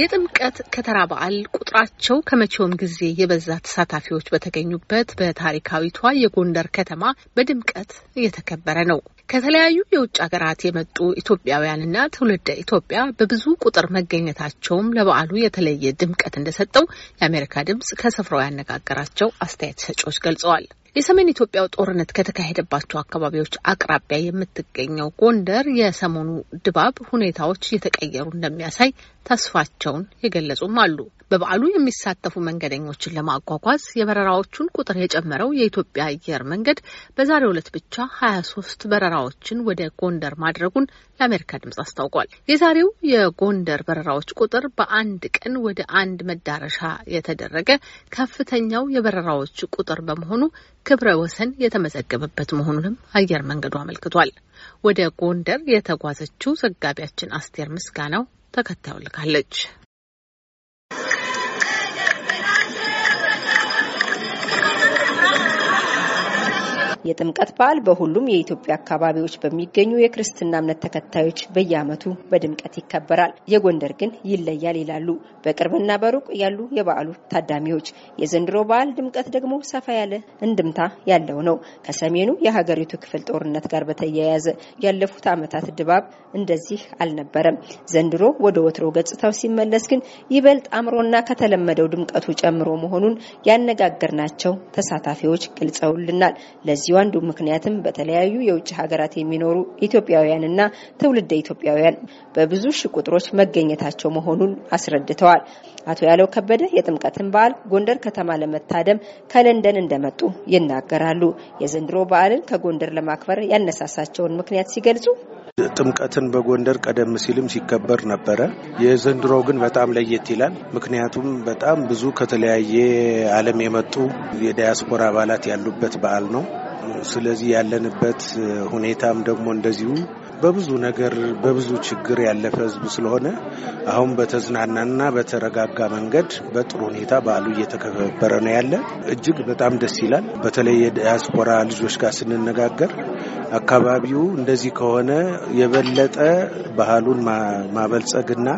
የጥምቀት ከተራ በዓል ቁጥራቸው ከመቼውም ጊዜ የበዛ ተሳታፊዎች በተገኙበት በታሪካዊቷ የጎንደር ከተማ በድምቀት እየተከበረ ነው። ከተለያዩ የውጭ ሀገራት የመጡ ኢትዮጵያውያንና ትውልደ ኢትዮጵያ በብዙ ቁጥር መገኘታቸውም ለበዓሉ የተለየ ድምቀት እንደሰጠው የአሜሪካ ድምጽ ከስፍራው ያነጋገራቸው አስተያየት ሰጪዎች ገልጸዋል። የሰሜን ኢትዮጵያው ጦርነት ከተካሄደባቸው አካባቢዎች አቅራቢያ የምትገኘው ጎንደር የሰሞኑ ድባብ ሁኔታዎች እየተቀየሩ እንደሚያሳይ ተስፋቸውን የገለጹም አሉ። በበዓሉ የሚሳተፉ መንገደኞችን ለማጓጓዝ የበረራዎቹን ቁጥር የጨመረው የኢትዮጵያ አየር መንገድ በዛሬው ዕለት ብቻ 20ሶስት በረራዎችን ወደ ጎንደር ማድረጉን ለአሜሪካ ድምጽ አስታውቋል። የዛሬው የጎንደር በረራዎች ቁጥር በአንድ ቀን ወደ አንድ መዳረሻ የተደረገ ከፍተኛው የበረራዎች ቁጥር በመሆኑ ክብረ ወሰን የተመዘገበበት መሆኑንም አየር መንገዱ አመልክቷል። ወደ ጎንደር የተጓዘችው ዘጋቢያችን አስቴር ምስጋናው ተከታዩ ልካለች። የጥምቀት በዓል በሁሉም የኢትዮጵያ አካባቢዎች በሚገኙ የክርስትና እምነት ተከታዮች በየዓመቱ በድምቀት ይከበራል። የጎንደር ግን ይለያል ይላሉ በቅርብና በሩቅ ያሉ የበዓሉ ታዳሚዎች። የዘንድሮ በዓል ድምቀት ደግሞ ሰፋ ያለ እንድምታ ያለው ነው። ከሰሜኑ የሀገሪቱ ክፍል ጦርነት ጋር በተያያዘ ያለፉት ዓመታት ድባብ እንደዚህ አልነበረም። ዘንድሮ ወደ ወትሮ ገጽታው ሲመለስ ግን ይበልጥ አምሮና ከተለመደው ድምቀቱ ጨምሮ መሆኑን ያነጋገርናቸው ተሳታፊዎች ገልጸውልናል። ለዚሁ በአንዱ ምክንያትም በተለያዩ የውጭ ሀገራት የሚኖሩ ኢትዮጵያውያንና ትውልደ ኢትዮጵያውያን በብዙ ሺ ቁጥሮች መገኘታቸው መሆኑን አስረድተዋል። አቶ ያለው ከበደ የጥምቀትን በዓል ጎንደር ከተማ ለመታደም ከለንደን እንደመጡ ይናገራሉ። የዘንድሮ በዓልን ከጎንደር ለማክበር ያነሳሳቸውን ምክንያት ሲገልጹ ጥምቀትን በጎንደር ቀደም ሲልም ሲከበር ነበረ። የዘንድሮ ግን በጣም ለየት ይላል። ምክንያቱም በጣም ብዙ ከተለያየ ዓለም የመጡ የዳያስፖራ አባላት ያሉበት በዓል ነው። ስለዚህ ያለንበት ሁኔታም ደግሞ እንደዚሁ በብዙ ነገር በብዙ ችግር ያለፈ ህዝብ ስለሆነ አሁን በተዝናናና በተረጋጋ መንገድ በጥሩ ሁኔታ በዓሉ እየተከበረ ነው ያለ። እጅግ በጣም ደስ ይላል። በተለይ የዲያስፖራ ልጆች ጋር ስንነጋገር አካባቢው እንደዚህ ከሆነ የበለጠ ባህሉን ማበልጸግና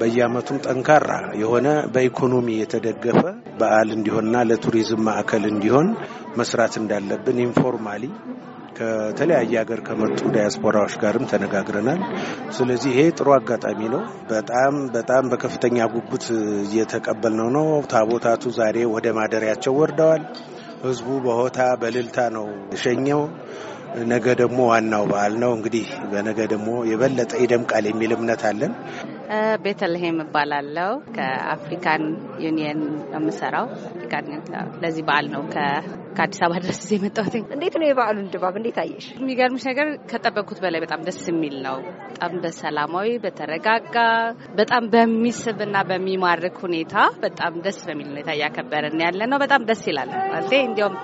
በየአመቱም ጠንካራ የሆነ በኢኮኖሚ የተደገፈ በዓል እንዲሆንና ለቱሪዝም ማዕከል እንዲሆን መስራት እንዳለብን ኢንፎርማሊ ከተለያየ ሀገር ከመጡ ዲያስፖራዎች ጋርም ተነጋግረናል። ስለዚህ ይሄ ጥሩ አጋጣሚ ነው። በጣም በጣም በከፍተኛ ጉጉት እየተቀበልነው ነው። ታቦታቱ ዛሬ ወደ ማደሪያቸው ወርደዋል። ህዝቡ በሆታ በልልታ ነው የሸኘው። ነገ ደግሞ ዋናው በዓል ነው። እንግዲህ በነገ ደግሞ የበለጠ ይደምቃል የሚል እምነት አለን። ቤተልሔም እባላለሁ። ከአፍሪካን ዩኒየን ነው የምሰራው። ለዚህ በዓል ነው ከአዲስ አበባ ድረስ እዚህ የመጣሁት። እንዴት ነው የበዓሉን ድባብ እንዴት አየሽ? የሚገርምሽ ነገር ከጠበቅኩት በላይ በጣም ደስ የሚል ነው። በጣም በሰላማዊ በተረጋጋ በጣም በሚስብና በሚማርክ ሁኔታ በጣም ደስ በሚል ሁኔታ እያከበርን ያለ ነው። በጣም ደስ ይላል። ማለቴ እንዲያውም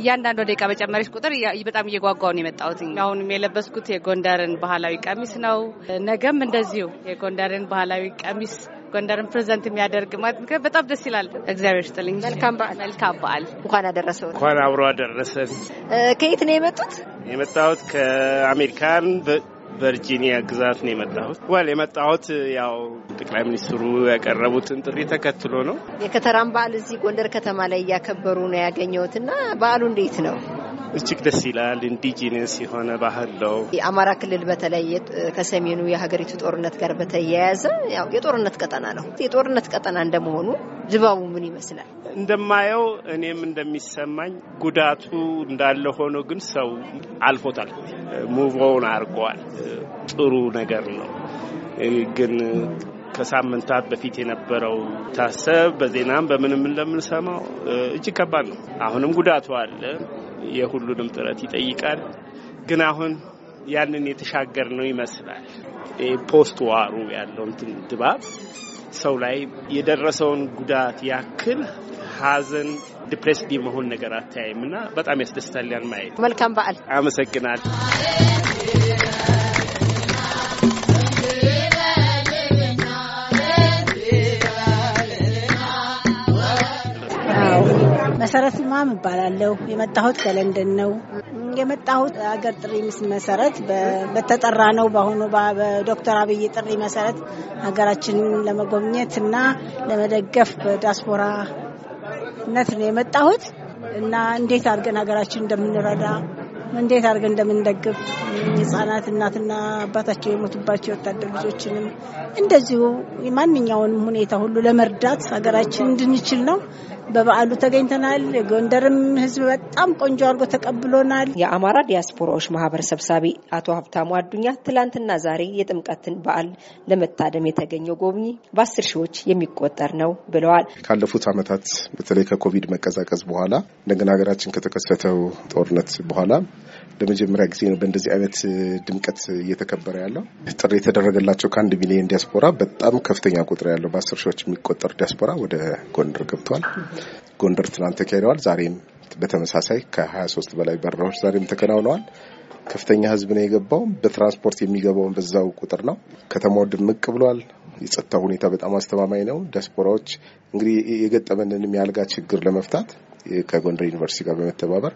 እያንዳንዱ ደቂቃ በጨመረች ቁጥር በጣም እየጓጓውን የመጣሁት። አሁንም የለበስኩት የጎንደርን ባህላዊ ቀሚስ ነው። ነገም እንደዚሁ ጎንደርን ባህላዊ ቀሚስ ጎንደርን ፕሬዘንት የሚያደርግ ማለት በጣም ደስ ይላል። እግዚአብሔር ይስጥልኝ። መልካም በዓል። መልካም በዓል። እንኳን አደረሰው። እንኳን አብሮ አደረሰን። ከየት ነው የመጡት? የመጣሁት ከአሜሪካን ቨርጂኒያ ግዛት ነው የመጣሁት። ዋል የመጣሁት ያው ጠቅላይ ሚኒስትሩ ያቀረቡትን ጥሪ ተከትሎ ነው። የከተራን በዓል እዚህ ጎንደር ከተማ ላይ እያከበሩ ነው ያገኘሁት እና በዓሉ እንዴት ነው? እጅግ ደስ ይላል። ኢንዲጂነስ የሆነ ባህል ነው። የአማራ ክልል በተለይ ከሰሜኑ የሀገሪቱ ጦርነት ጋር በተያያዘ ያው የጦርነት ቀጠና ነው። የጦርነት ቀጠና እንደመሆኑ ድባቡ ምን ይመስላል? እንደማየው እኔም እንደሚሰማኝ ጉዳቱ እንዳለ ሆኖ ግን ሰው አልፎታል፣ ሙቮውን አድርጓል። ጥሩ ነገር ነው ግን ከሳምንታት በፊት የነበረው ታሰብ በዜናም በምንም እንደምንሰማው እጅግ ከባድ ነው። አሁንም ጉዳቱ አለ። የሁሉንም ጥረት ይጠይቃል። ግን አሁን ያንን የተሻገር ነው ይመስላል። ፖስት ዋሩ ያለው እንትን ድባብ ሰው ላይ የደረሰውን ጉዳት ያክል ሀዘን፣ ዲፕሬስድ መሆን ነገር አታያይም እና በጣም ያስደስታል ያን ማየት። መልካም በዓል። አመሰግናል። መሰረት ማም እባላለሁ። የመጣሁት ከለንደን ነው። የመጣሁት አገር ጥሪ መሰረት በተጠራ ነው። በአሁኑ በዶክተር አብይ ጥሪ መሰረት ሀገራችንን ለመጎብኘት እና ለመደገፍ በዲያስፖራነት ነው የመጣሁት እና እንዴት አድርገን ሀገራችን እንደምንረዳ እንዴት አድርገን እንደምንደግፍ ህጻናት እናትና አባታቸው የሞቱባቸው ወታደር ልጆችንም እንደዚሁ ማንኛውንም ሁኔታ ሁሉ ለመርዳት ሀገራችን እንድንችል ነው። በበዓሉ ተገኝተናል። የጎንደርም ህዝብ በጣም ቆንጆ አድርጎ ተቀብሎናል። የአማራ ዲያስፖራዎች ማህበር ሰብሳቢ አቶ ሀብታሙ አዱኛ ትላንትና ዛሬ የጥምቀትን በዓል ለመታደም የተገኘው ጎብኚ በአስር ሺዎች የሚቆጠር ነው ብለዋል። ካለፉት ዓመታት በተለይ ከኮቪድ መቀዛቀዝ በኋላ እንደገና ሀገራችን ከተከሰተው ጦርነት በኋላ ለመጀመሪያ ጊዜ ነው በእንደዚህ አይነት ድምቀት እየተከበረ ያለው። ጥሪ የተደረገላቸው ከአንድ ሚሊዮን ዲያስፖራ በጣም ከፍተኛ ቁጥር ያለው በአስር ሺዎች የሚቆጠር ዲያስፖራ ወደ ጎንደር ገብቷል። ጎንደር ትናንት ተካሂደዋል። ዛሬም በተመሳሳይ ከ23 በላይ በረራዎች ዛሬም ተከናውነዋል። ከፍተኛ ህዝብ ነው የገባው። በትራንስፖርት የሚገባውን በዛው ቁጥር ነው። ከተማው ድምቅ ብሏል። የጸጥታ ሁኔታ በጣም አስተማማኝ ነው። ዲያስፖራዎች እንግዲህ የገጠመንንም የአልጋ ችግር ለመፍታት ከጎንደር ዩኒቨርሲቲ ጋር በመተባበር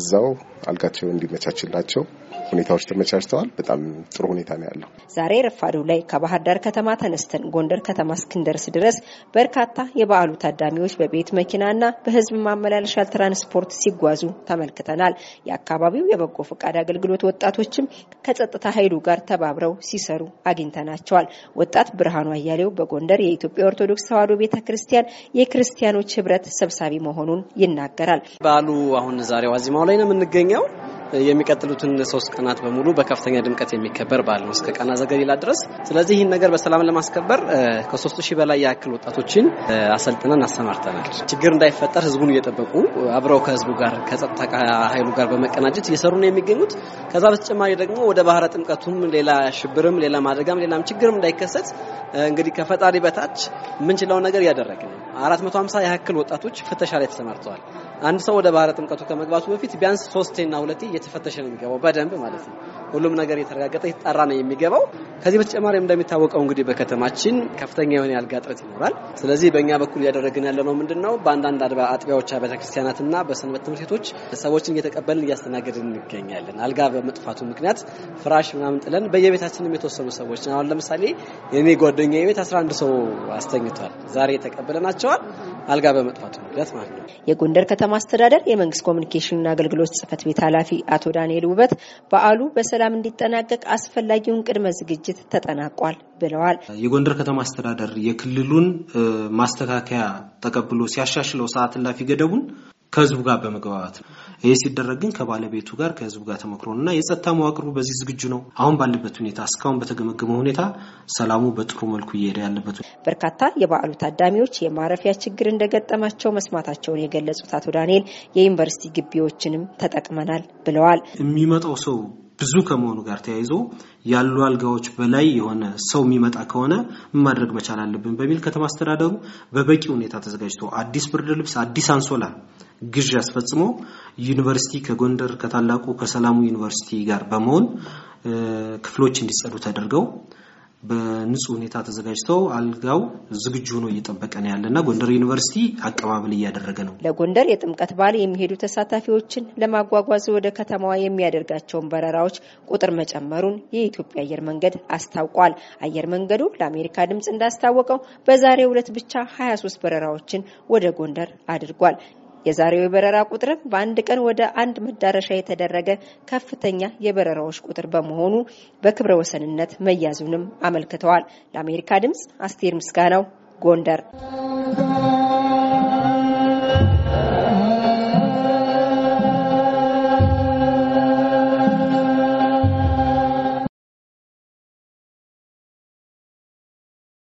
እዛው አልጋቸው እንዲመቻችላቸው ሁኔታዎች ተመቻችተዋል። በጣም ጥሩ ሁኔታ ነው ያለው። ዛሬ ረፋዱ ላይ ከባህር ዳር ከተማ ተነስተን ጎንደር ከተማ እስክንደርስ ድረስ በርካታ የበዓሉ ታዳሚዎች በቤት መኪናና በህዝብ ማመላለሻ ትራንስፖርት ሲጓዙ ተመልክተናል። የአካባቢው የበጎ ፈቃድ አገልግሎት ወጣቶችም ከጸጥታ ኃይሉ ጋር ተባብረው ሲሰሩ አግኝተናቸዋል። ወጣት ብርሃኑ አያሌው በጎንደር የኢትዮጵያ ኦርቶዶክስ ተዋሕዶ ቤተ ክርስቲያን የክርስቲያኖች ህብረት ሰብሳቢ መሆኑን ይናገራል። በዓሉ አሁን ዛሬ ዋዜማው ላይ ነው የምንገኘው። የሚቀጥሉትን ሶስት ቀናት በሙሉ በከፍተኛ ድምቀት የሚከበር በዓል ነው እስከ ቃና ዘገሊላ ድረስ። ስለዚህ ይህን ነገር በሰላም ለማስከበር ከሶስት ሺህ በላይ ያክል ወጣቶችን አሰልጥነን አሰማርተናል። ችግር እንዳይፈጠር ህዝቡን እየጠበቁ አብረው ከህዝቡ ጋር ከጸጥታ ኃይሉ ጋር በመቀናጀት እየሰሩ ነው የሚገኙት። ከዛ በተጨማሪ ደግሞ ወደ ባህረ ጥምቀቱም ሌላ ሽብርም፣ ሌላ ማደጋም፣ ሌላም ችግርም እንዳይከሰት እንግዲህ ከፈጣሪ በታች የምንችለው ነገር እያደረግን ነው። አራት መቶ ሀምሳ ያክል ወጣቶች ፍተሻ ላይ ተሰማርተዋል። አንድ ሰው ወደ ባህረ ጥምቀቱ ከመግባቱ በፊት ቢያንስ ሶስቴና ሁለቴ እየተፈተሸ ነው የሚገባው በደንብ ማለት ነው። ሁሉም ነገር እየተረጋገጠ የተጣራ ነው የሚገባው። ከዚህ በተጨማሪ እንደሚታወቀው እንግዲህ በከተማችን ከፍተኛ የሆነ የአልጋ እጥረት ይኖራል። ስለዚህ በእኛ በኩል እያደረግን ያለ ነው ምንድን ነው በአንዳንድ አጥቢያዎች ቤተክርስቲያናትና በሰንበት ትምህርት ቤቶች ሰዎችን እየተቀበልን እያስተናገድን እንገኛለን። አልጋ በመጥፋቱ ምክንያት ፍራሽ ምናምን ጥለን በየቤታችንም የተወሰኑ ሰዎች አሁን ለምሳሌ የኔ ጓደኛ ቤት 11 ሰው አስተኝቷል። ዛሬ ተቀብለናቸዋል። አልጋ በመጥፋቱ ምክንያት ማለት ነው። የጎንደር ከተማ አስተዳደር የመንግስት ኮሚኒኬሽንና አገልግሎት ጽህፈት ቤት ኃላፊ አቶ ዳንኤል ውበት በዓሉ በሰላም እንዲጠናቀቅ አስፈላጊውን ቅድመ ዝግጅት ተጠናቋል ብለዋል። የጎንደር ከተማ አስተዳደር የክልሉን ማስተካከያ ተቀብሎ ሲያሻሽለው ሰዓት እላፊ ገደቡን ከህዝቡ ጋር በመግባባት ነው። ይህ ሲደረግ ግን ከባለቤቱ ጋር ከህዝቡ ጋር ተመክሮና የጸጥታ መዋቅሩ በዚህ ዝግጁ ነው። አሁን ባለበት ሁኔታ እስካሁን በተገመገመ ሁኔታ ሰላሙ በጥሩ መልኩ እየሄደ ያለበት። በርካታ የበዓሉ ታዳሚዎች የማረፊያ ችግር እንደገጠማቸው መስማታቸውን የገለጹት አቶ ዳንኤል የዩኒቨርሲቲ ግቢዎችንም ተጠቅመናል ብለዋል። የሚመጣው ሰው ብዙ ከመሆኑ ጋር ተያይዞ ያሉ አልጋዎች በላይ የሆነ ሰው የሚመጣ ከሆነ ማድረግ መቻል አለብን በሚል ከተማ አስተዳደሩ በበቂ ሁኔታ ተዘጋጅቶ አዲስ ብርድ ልብስ፣ አዲስ አንሶላ ግዥ አስፈጽሞ ዩኒቨርሲቲ ከጎንደር ከታላቁ ከሰላሙ ዩኒቨርሲቲ ጋር በመሆን ክፍሎች እንዲጸዱ ተደርገው በንጹህ ሁኔታ ተዘጋጅተው አልጋው ዝግጁ ሆኖ እየጠበቀ ነው ያለና ጎንደር ዩኒቨርሲቲ አቀባበል እያደረገ ነው። ለጎንደር የጥምቀት በዓል የሚሄዱ ተሳታፊዎችን ለማጓጓዝ ወደ ከተማዋ የሚያደርጋቸውን በረራዎች ቁጥር መጨመሩን የኢትዮጵያ አየር መንገድ አስታውቋል። አየር መንገዱ ለአሜሪካ ድምፅ እንዳስታወቀው በዛሬው ዕለት ብቻ 23 በረራዎችን ወደ ጎንደር አድርጓል። የዛሬው የበረራ ቁጥርም በአንድ ቀን ወደ አንድ መዳረሻ የተደረገ ከፍተኛ የበረራዎች ቁጥር በመሆኑ በክብረ ወሰንነት መያዙንም አመልክተዋል። ለአሜሪካ ድምጽ አስቴር ምስጋናው ጎንደር